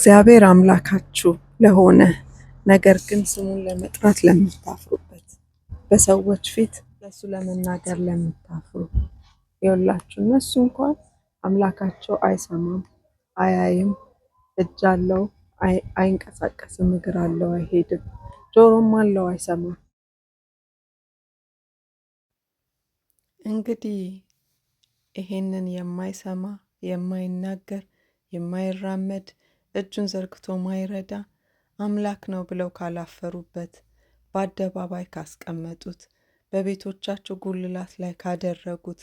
እግዚአብሔር አምላካችሁ ለሆነ ነገር ግን ስሙን ለመጥራት ለምታፍሩበት በሰዎች ፊት ለሱ ለመናገር ለምታፍሩ የወላችሁ እነሱ እንኳን አምላካቸው አይሰማም፣ አያይም፣ እጅ አለው አይንቀሳቀስም፣ እግር አለው አይሄድም፣ ጆሮም አለው አይሰማም። እንግዲህ ይሄንን የማይሰማ የማይናገር የማይራመድ እጁን ዘርግቶ ማይረዳ አምላክ ነው ብለው ካላፈሩበት፣ በአደባባይ ካስቀመጡት፣ በቤቶቻቸው ጉልላት ላይ ካደረጉት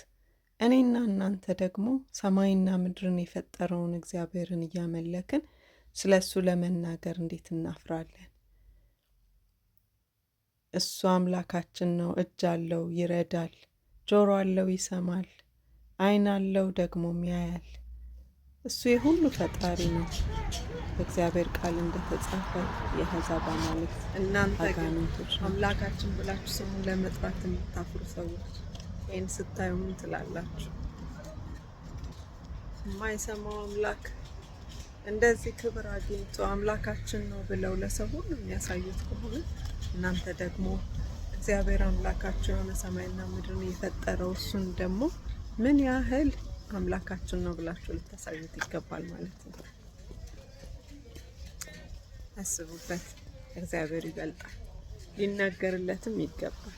እኔና እናንተ ደግሞ ሰማይና ምድርን የፈጠረውን እግዚአብሔርን እያመለክን ስለ እሱ ለመናገር እንዴት እናፍራለን? እሱ አምላካችን ነው። እጅ አለው፣ ይረዳል። ጆሮ አለው፣ ይሰማል። ዓይን አለው፣ ደግሞም ያያል። እሱ የሁሉ ፈጣሪ ነው። በእግዚአብሔር ቃል እንደተጻፈ የአሕዛብ አማልክት እናንተ አጋንንቶች አምላካችን ብላችሁ ስሙን ለመጥራት የምታፍሩ ሰዎች ይህን ስታዩ ምን ትላላችሁ? የማይሰማው አምላክ እንደዚህ ክብር አግኝቶ አምላካችን ነው ብለው ለሰው ሁሉ የሚያሳዩት ከሆነ እናንተ ደግሞ እግዚአብሔር አምላካቸው የሆነ ሰማይና ምድርን የፈጠረው እሱን ደግሞ ምን ያህል አምላካችን ነው ብላችሁ ልታሳዩት ይገባል ማለት ነው። አስቡበት። እግዚአብሔር ይበልጣል፣ ሊናገርለትም ይገባል።